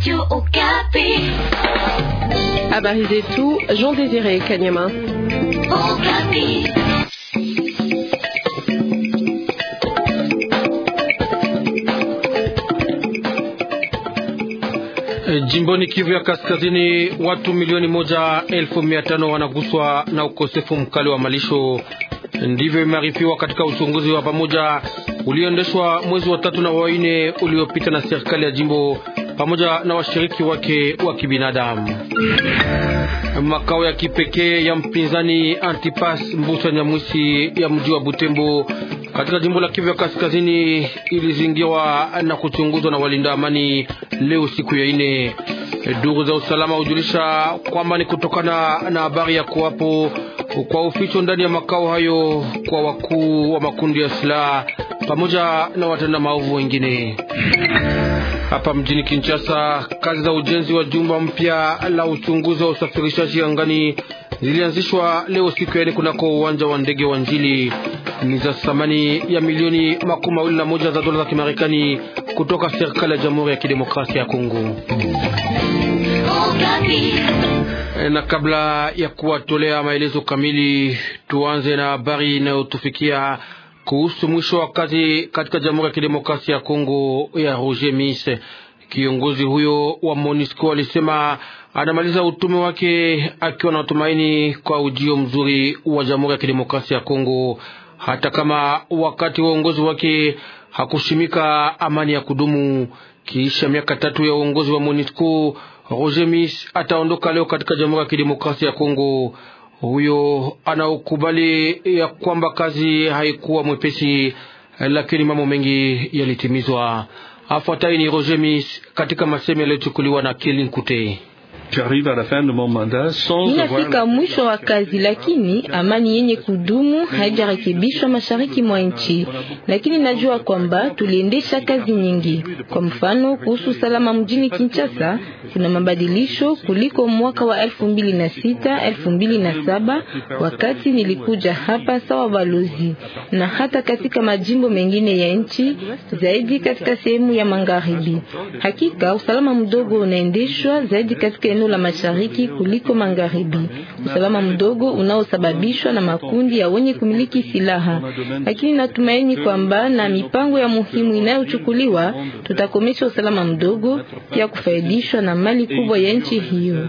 Radio Okapi. Habari zetu Jean Désiré Kanyama. Okapi. Eh, jimboni Kivu ya Kaskazini, watu milioni moja elfu mia tano wanaguswa na ukosefu mkali wa malisho. Ndivyo imearifiwa katika uchunguzi wa pamoja ulioendeshwa mwezi wa tatu na waine uliopita na serikali ya jimbo pamoja na washiriki wake wa kibinadamu. Makao ya kipekee ya mpinzani Antipas Mbusa Nyamwisi ya mji wa Butembo katika jimbo la Kivu ya Kaskazini ilizingirwa na kuchunguzwa na walinda amani leo siku ya ine. Duru za usalama hujulisha kwamba ni kutokana na habari ya kuwapo kwa uficho ndani ya makao hayo kwa wakuu wa makundi ya silaha pamoja na watenda maovu wengine. Hapa mjini Kinshasa, kazi za ujenzi wa jumba mpya la uchunguzi wa usafirishaji angani zilianzishwa leo siku ya ine kunako uwanja wa ndege wa Njili. Ni za thamani ya milioni makumi mawili na moja za dola za Kimarekani kutoka serikali ya Jamhuri ya Kidemokrasia ya Kongo. E, na kabla ya kuwatolea maelezo kamili, tuanze na habari inayotufikia kuhusu mwisho wa kazi katika Jamhuri ya Kidemokrasia ya Kongo ya Roger Mise. Kiongozi huyo wa MONUSCO alisema anamaliza utume wake akiwa na tumaini kwa ujio mzuri wa Jamhuri ya Kidemokrasia ya Kongo, hata kama wakati wa uongozi wake hakushimika amani ya kudumu. kiisha miaka tatu ya uongozi wa MONUSCO, Roger Mise ataondoka leo katika Jamhuri ya Kidemokrasia ya Kongo. Huyo anaokubali ya kwamba kazi haikuwa mwepesi, lakini mambo mengi yalitimizwa. Afuatai ni Roger Miss katika masemi yaliyochukuliwa na Kelin Kute inafika mwisho wa kazi, lakini amani yenye kudumu haijarekebishwa mashariki mwa nchi. Lakini najua kwamba tuliendesha kazi nyingi. Kwa mfano, kuhusu salama mjini Kinshasa kuna mabadilisho kuliko mwaka wa elfu mbili na sita elfu mbili na saba wakati nilikuja hapa sawa balozi, na hata katika majimbo mengine ya nchi zaidi katika sehemu ya magharibi. Hakika usalama mdogo unaendeshwa zaidi katika eneo la mashariki kuliko magharibi, usalama mdogo unaosababishwa na makundi ya wenye kumiliki silaha. Lakini natumaini kwamba na mipango ya muhimu inayochukuliwa tutakomesha usalama mdogo pia kufaidishwa na mali kubwa ya nchi hiyo.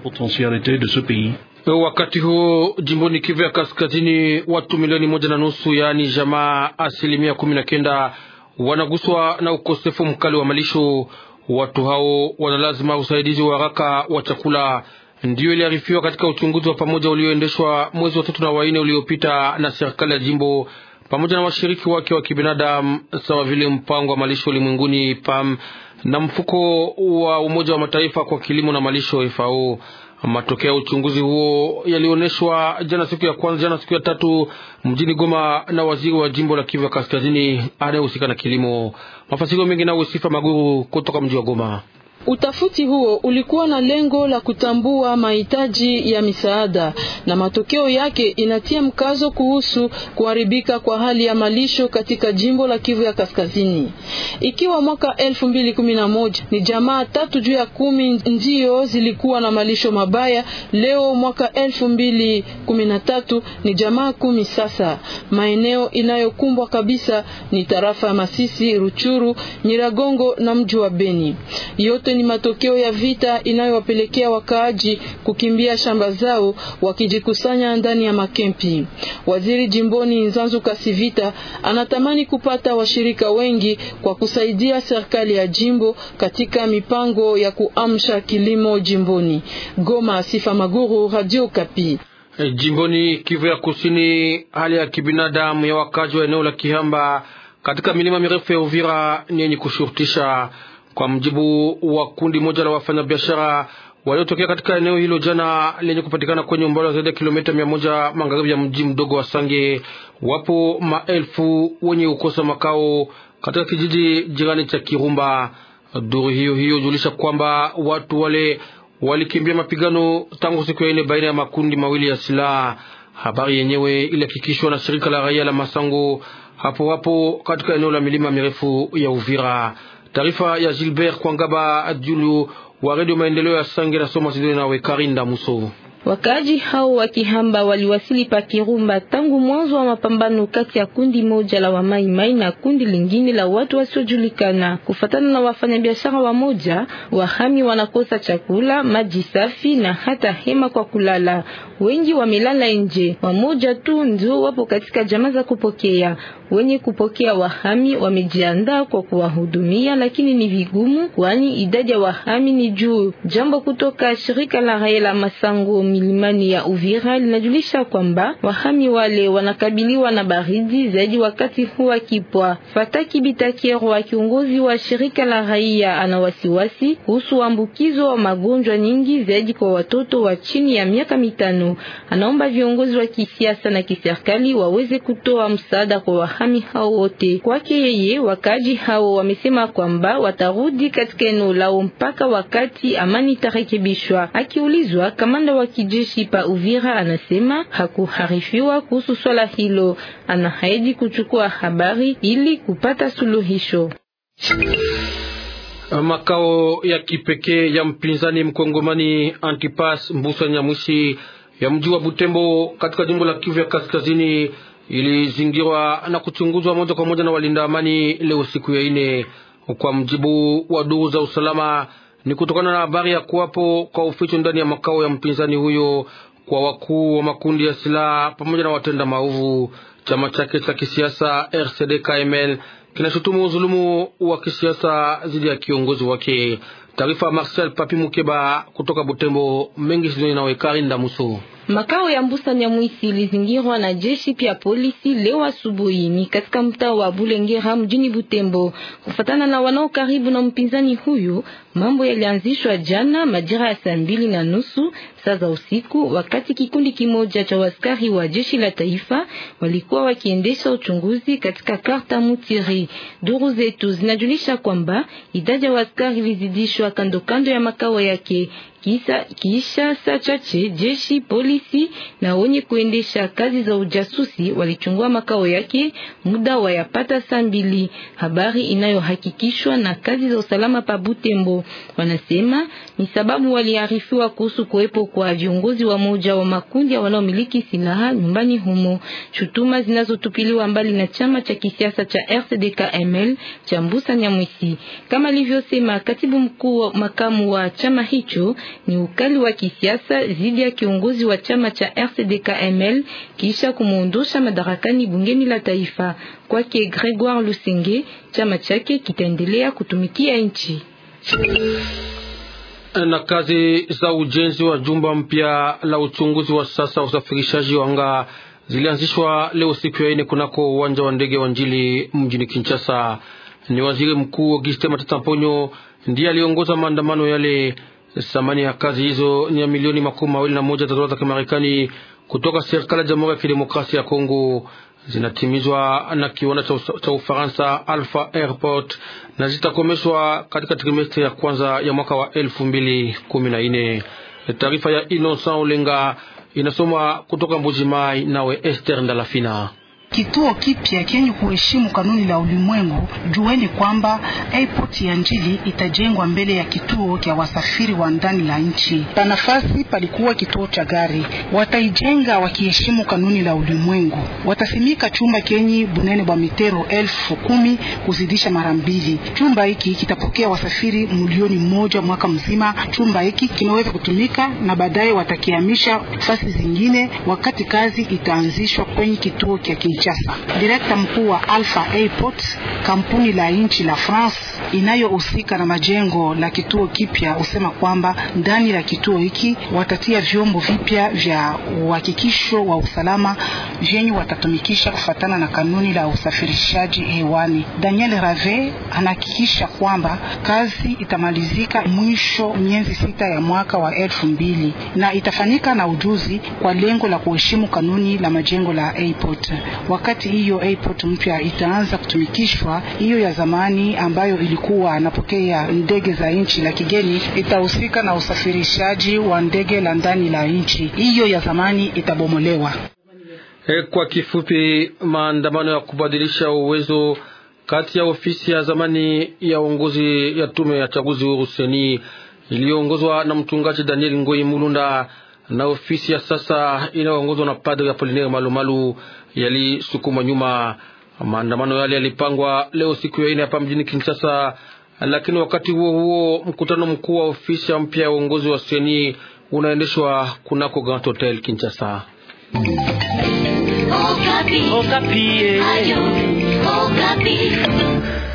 Wakati huo jimboni Kivu ya Kaskazini, watu milioni moja na nusu yaani jamaa asilimia kumi na kenda wanaguswa na ukosefu mkali wa malisho Watu hao wana lazima usaidizi wa haraka wa chakula, ndiyo iliarifiwa katika uchunguzi wa pamoja ulioendeshwa mwezi wa tatu na waine uliopita na serikali ya jimbo pamoja na washiriki wake wa kibinadamu sawa vile mpango wa malisho ulimwenguni PAM na mfuko wa Umoja wa Mataifa kwa kilimo na malisho FAO. Matokeo ya uchunguzi huo yalionyeshwa jana siku ya kwanza, jana siku ya tatu mjini Goma na waziri wa jimbo la Kivu ya Kaskazini anayehusika na kilimo. Mafasiko mengi nawe Sifa Maguru kutoka mji wa Goma. Utafiti huo ulikuwa na lengo la kutambua mahitaji ya misaada na matokeo yake inatia mkazo kuhusu kuharibika kwa hali ya malisho katika jimbo la Kivu ya Kaskazini. Ikiwa mwaka 2011 ni jamaa tatu juu ya kumi ndio zilikuwa na malisho mabaya, leo mwaka 2013 ni jamaa kumi. Sasa maeneo inayokumbwa kabisa ni tarafa ya Masisi, Ruchuru, Nyiragongo na mji wa Beni. Yote yote ni matokeo ya vita inayowapelekea wakaaji kukimbia shamba zao wakijikusanya ndani ya makempi. Waziri jimboni Nzanzu Kasivita anatamani kupata washirika wengi kwa kusaidia serikali ya jimbo katika mipango ya kuamsha kilimo jimboni. Goma, Sifa Maguru, Radio Kapi. Eh, jimboni Kivu ya Kusini, hali ya kibinadamu ya wakaaji wa eneo la Kihamba katika milima mirefu ya Uvira ni yenye kushurutisha kwa mjibu wa kundi moja la wafanyabiashara waliotokea katika eneo hilo jana lenye kupatikana kwenye umbali wa zaidi ya kilomita mia moja magharibi ya mji mdogo wa Sange, wapo maelfu wenye kukosa makao katika kijiji jirani cha Kirumba. Duru hiyo hiyo julisha kwamba watu wale walikimbia mapigano tangu siku ya ine baina ya makundi mawili ya silaha. Habari yenyewe ilihakikishwa na shirika la raia la Masango hapo hapo katika eneo la milima mirefu ya Uvira. Taarifa ya Gilbert Kwangaba Adjulu wa Radio Maendeleo ya Sange na Soma Sidoni nawe Karinda Musovu. Wakaaji hao wa Kihamba waliwasili pa Kirumba tangu mwanzo wa mapambano kati ya kundi moja la wamaimai na kundi lingine la watu wasiojulikana. Kufatana na wafanyabiashara wa moja, wahami wanakosa chakula, maji safi na hata hema kwa kulala. Wengi wamelala nje, wamoja tu ndio wapo katika jamaa za kupokea. Wenye kupokea wahami wamejiandaa kwa kuwahudumia, lakini ni vigumu, kwani idadi ya wahami ni juu. Jambo kutoka shirika la raia la Masango milimani ya Uvira linajulisha kwamba wahami wale wanakabiliwa na baridi zaidi wakati huu wa kipwa. Fataki wa kiongozi wa shirika la raia, ana wasiwasi kuhusu ambukizo wa magonjwa nyingi zaidi kwa watoto wa chini ya miaka mitano. Anaomba viongozi wa kisiasa na kiserikali waweze kutoa msaada kwa wahami hao wote. Kwake yeye, wakaji hao wamesema kwamba watarudi katika eneo lao mpaka wakati amani itarekebishwa. Akiulizwa kamanda wa kijeshi pa Uvira anasema hakuharifiwa kuhusu swala hilo. Anahaidi kuchukua habari ili kupata suluhisho. Makao ya kipekee ya mpinzani mkongomani Antipas Mbusa Nyamwisi ya mji wa Butembo katika jimbo la Kivu ya kaskazini ilizingirwa na kuchunguzwa moja kwa moja na walinda amani leo siku ya ine, kwa mjibu wa duru za usalama ni kutokana na habari ya kuwapo kwa uficho ndani ya makao ya mpinzani huyo kwa wakuu wa makundi ya silaha pamoja na watenda maovu. Chama chake cha kisiasa RCD KML kinashutumu udhulumu wa kisiasa dhidi ya kiongozi wake. Taarifa Marcel Papi Mukeba kutoka Butembo mengi sidoni nawe Karinda Muso. Makao ya Mbusa Nyamwisi ilizingirwa na jeshi pia polisi leo asubuhi ni katika mtaa wa Bulengera mjini Butembo. Kufatana na wanao karibu na mpinzani huyu, mambo yalianzishwa jana majira ya saa mbili na nusu saa za usiku, wakati kikundi kimoja cha waskari wa jeshi la taifa walikuwa wakiendesha uchunguzi katika karta Mutiri. Duru zetu zinajulisha kwamba idadi ya waskari ilizidishwa kando kando ya makao yake kisa kisha saa chache jeshi, polisi na wenye kuendesha kazi za ujasusi walichungua makao yake muda wa yapata saa mbili, habari inayohakikishwa na kazi za usalama pa Butembo. Wanasema ni sababu waliarifiwa kuhusu kuwepo kwa viongozi wa moja wa makundi wanaomiliki silaha nyumbani humo, shutuma zinazotupiliwa mbali na chama cha kisiasa cha RCD-KML cha Mbusa Nyamwisi, kama alivyosema katibu mkuu makamu wa chama hicho ni ukali wa kisiasa dhidi ya kiongozi wa chama cha RCDKML kisha kumuondosha madarakani bungeni la taifa. Kwake Gregoire Lusenge, chama chake kitaendelea kutumikia nchi na kazi za ujenzi wa jumba mpya la uchunguzi wa sasa usafirishaji wa anga zilianzishwa leo siku ya ine kunako uwanja wa ndege wa Njili mjini Kinshasa. Ni waziri mkuu Auguste Matata Mponyo ndiye aliongoza maandamano yale. Thamani ya kazi hizo ni ya milioni makumi mawili na moja za dola za Kimarekani kutoka serikali ya Jamhuri ya Kidemokrasia ya Kongo, zinatimizwa na kiwanda cha Ufaransa Alpha Airport na zitakomeshwa katika trimestri ya kwanza ya mwaka wa elfu mbili kumi na nne. Taarifa ya Innocent Olenga inasomwa kutoka Mbuji Mai nawe Esther Ndalafina. Kituo kipya kenye kuheshimu kanuni la ulimwengu, jueni kwamba airport ya Njili itajengwa mbele ya kituo cha wasafiri wa ndani la nchi. Panafasi palikuwa kituo cha gari, wataijenga wakiheshimu kanuni la ulimwengu. Watasimika chumba kenye bunene bwa mitero elfu kumi kuzidisha mara mbili. Chumba hiki kitapokea wasafiri milioni moja mwaka mzima. Chumba hiki kinaweza kutumika na baadaye watakihamisha fasi zingine wakati kazi itaanzishwa kwenye kituo cha Kinshasa. Direkta mkuu wa Alpha Airport, kampuni la nchi la France inayohusika na majengo la kituo kipya, husema kwamba ndani la kituo hiki watatia vyombo vipya vya uhakikisho wa usalama vyenye watatumikisha kufatana na kanuni la usafirishaji hewani. Daniel Rave anahakikisha kwamba kazi itamalizika mwisho miezi sita ya mwaka wa elfu mbili na itafanyika na ujuzi kwa lengo la kuheshimu kanuni la majengo la airport wakati hiyo airport mpya itaanza kutumikishwa, hiyo ya zamani ambayo ilikuwa anapokea ndege za nchi la kigeni itahusika na usafirishaji wa ndege la ndani la nchi, hiyo ya zamani itabomolewa. E, kwa kifupi, maandamano ya kubadilisha uwezo kati ya ofisi ya zamani ya uongozi ya tume ya chaguzi huru seni iliyoongozwa na mchungaji Daniel Ngoi Mulunda na ofisi ya sasa inayoongozwa na padri ya Apolinere Malumalu yalisukuma nyuma. Maandamano yale yalipangwa leo siku ya ine hapa mjini Kinshasa, lakini wakati huo huo mkutano mkuu wa ofisi ya mpya ya uongozi wa seni unaendeshwa kunako Grand Hotel Kinshasa. Okapi. Okapi. Eh. Ayo. Okapi.